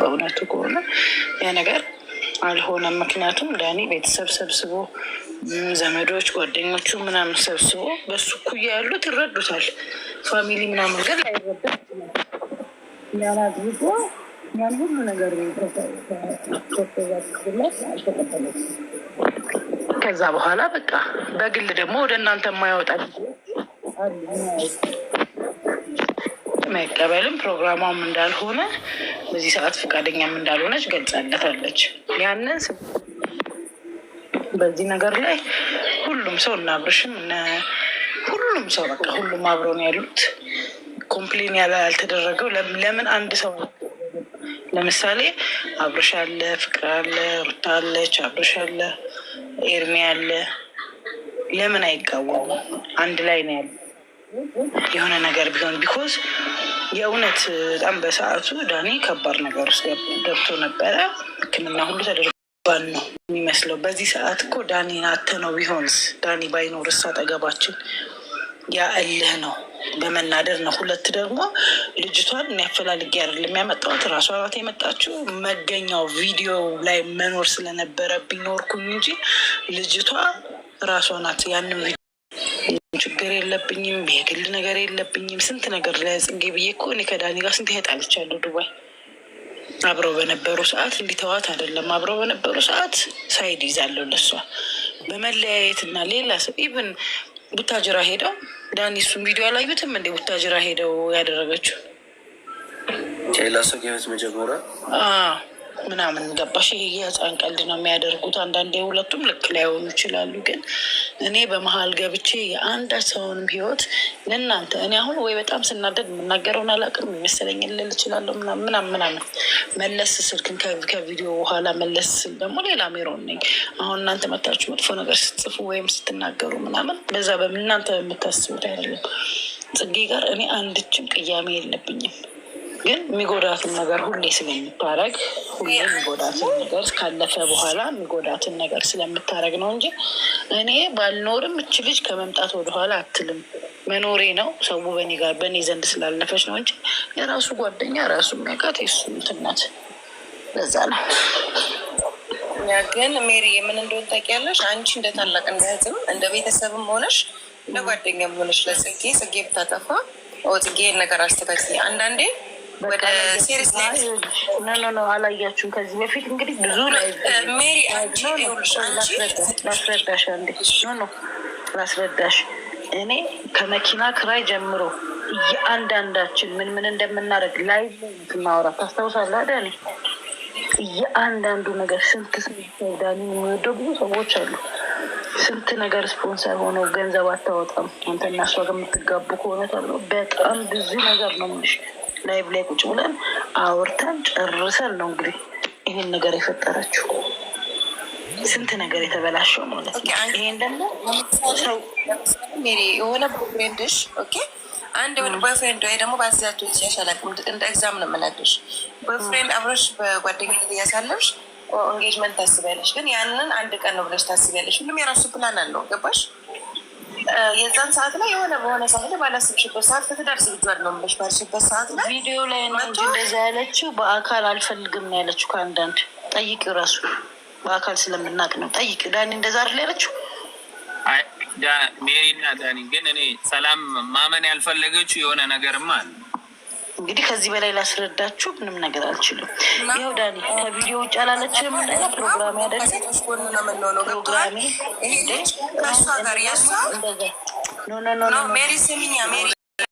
በእውነቱ ከሆነ ያ ነገር አልሆነም። ምክንያቱም ዳኒ ቤተሰብ ሰብስቦ ዘመዶች፣ ጓደኞቹ ምናምን ሰብስቦ በሱ ኩያ ያሉት ይረዱታል። ፋሚሊ ምናምን ግን አይረዳ ያን ሁሉ ነገር ከዛ በኋላ በቃ በግል ደግሞ ወደ እናንተ የማያወጣ መቀበልም ፕሮግራሟም እንዳልሆነ በዚህ ሰዓት ፈቃደኛም እንዳልሆነች ገልጻለታለች። ያንን በዚህ ነገር ላይ ሁሉም ሰው እናብርሽም ሁሉም ሰው በቃ ሁሉም አብረው ነው ያሉት። ኮምፕሌን ያልተደረገው ለምን አንድ ሰው ለምሳሌ አብርሽ አለ፣ ፍቅር አለ፣ ሩታ አለች፣ አብርሽ አለ፣ ኤርሚ አለ። ለምን አይቃወሙ? አንድ ላይ ነው ያሉ የሆነ ነገር ቢሆን ቢኮዝ የእውነት በጣም በሰዓቱ ዳኔ ከባድ ነገር ውስጥ ገብቶ ነበረ። ሕክምና ሁሉ ተደርጓል ነው የሚመስለው። በዚህ ሰዓት እኮ ናተ ነው ቢሆንስ ዳኔ ባይኖርስ አጠገባችን ያ እልህ ነው፣ በመናደር ነው። ሁለት ደግሞ ልጅቷን የሚያፈላልግ ያደል የሚያመጣት ራሷ ናት የመጣችው። መገኛው ቪዲዮ ላይ መኖር ስለነበረ ቢኖርኩኝ እንጂ ልጅቷ ራሷ ናት ያንን ችግር የለብኝም፣ የግል ነገር የለብኝም። ስንት ነገር ለጽጌ ብዬ እኮ እኔ ከዳኒ ጋር ስንት ሄጣልቻለሁ ዱባይ አብረው በነበሩ ሰዓት እንዲተዋት አይደለም አብረው በነበሩ ሰዓት ሳይድ ይዛለሁ ለሷ በመለያየት እና ሌላ ሰው ኢቭን ቡታጅራ ሄደው ዳኒ እሱን ቪዲዮ አላዩትም እንዴ? ቡታጅራ ሄደው ያደረገችው ሌላ ሰው መጀመሪያ ምናምን ገባሽ? ይሄ የህፃን ቀልድ ነው የሚያደርጉት። አንዳንዴ ሁለቱም ልክ ላይሆኑ ይችላሉ። ግን እኔ በመሀል ገብቼ የአንድ ሰውንም ህይወት ለእናንተ እኔ አሁን ወይ በጣም ስናደድ የምናገረውን አላውቅም ይመስለኝ ልል እችላለሁ ምናምን ምናምን። መለስ ስልክን ከቪዲዮ በኋላ መለስ ስል ደግሞ ሌላ ሜሮን ነኝ። አሁን እናንተ መታችሁ መጥፎ ነገር ስትጽፉ ወይም ስትናገሩ ምናምን በዛ በምናንተ የምታስቡት አይደለም። ጽጌ ጋር እኔ አንድችም ቅያሜ የለብኝም። ግን የሚጎዳትን ነገር ሁሌ ስለምታረግ ሁሌ የሚጎዳትን ነገር ካለፈ በኋላ የሚጎዳትን ነገር ስለምታረግ ነው እንጂ እኔ ባልኖርም እች ልጅ ከመምጣት ወደኋላ አትልም። መኖሬ ነው ሰው በኔ ጋር በእኔ ዘንድ ስላለፈች ነው እንጂ የራሱ ጓደኛ ራሱ የሚያውቃት የሱ እንትን ናት። ለዛ ነው ግን ሜሪ የምን እንደሆን ታውቂያለሽ። አንቺ እንደ ታላቅ እንደ ህዝብም እንደ ቤተሰብም ሆነሽ እንደ ጓደኛም ሆነሽ ለጽጌ ጽጌ ብታጠፋ ጽጌ ነገር አስተካክል አንዳንዴ ወደ ሲሪስ ኖ አላያችሁም። ከዚህ በፊት እንግዲህ ብዙ ሜሪ ላስረዳሽ አንዴ ኖ ላስረዳሽ። እኔ ከመኪና ክራይ ጀምሮ እየአንዳንዳችን ምን ምን እንደምናደርግ ላይ ስናወራ ታስታውሳለ አይደል? እየአንዳንዱ ነገር ስንት ስንት ዳኒ የሚወደው ብዙ ሰዎች አሉ። ስንት ነገር ስፖንሰር ሆነው ገንዘብ አታወጣም። አንተና እሷ ጋር የምትጋቡ ከሆነ ተብሎ በጣም ብዙ ነገር ነው ምንሽ ላይቭ ላይ ቁጭ ብለን አውርተን ጨርሰን ነው እንግዲህ ይሄን ነገር የፈጠረችው። ስንት ነገር የተበላሸው ማለት ነው። ይሄን ደግሞ የሆነ ቦይፍሬንድሽ አንድ ቦይፍሬንድ ወይ ደግሞ በአዛቶች ያሻላል እንደ ኤግዛም ነው የምናደሽ ቦይፍሬንድ አብረሽ በጓደኛ እያሳለፍሽ ኤንጌጅመንት ታስቢያለሽ፣ ግን ያንን አንድ ቀን ነው ብለሽ ታስቢያለሽ። ሁሉም የራሱ ፕላን አለው ገባሽ? የዛን ሰዓት ላይ የሆነ በሆነ ሰዓት ላይ ባላስብሽበት ሰዓት ከትዳር ስብጇል ነው ምለሽ ባልሽበት ሰዓት ላይ ቪዲዮ ላይ ነው እንጂ እንደዛ ያለችው በአካል አልፈልግም ነው ያለችው ከአንዳንድ ጠይቅ ራሱ በአካል ስለምናቅ ነው ጠይቅ። ዳኒ እንደዛ አይደል ያለችው ሜሪና ዳኒ ግን እኔ ሰላም ማመን ያልፈለገችው የሆነ ነገርማ አለ እንግዲህ ከዚህ በላይ ላስረዳችሁ ምንም ነገር አልችልም። ይኸው ዳኒ ከቪዲዮ ውጭ አላለችም። ፕሮግራሜ ፕሮግራሜ ሜሪ ኖ ኖ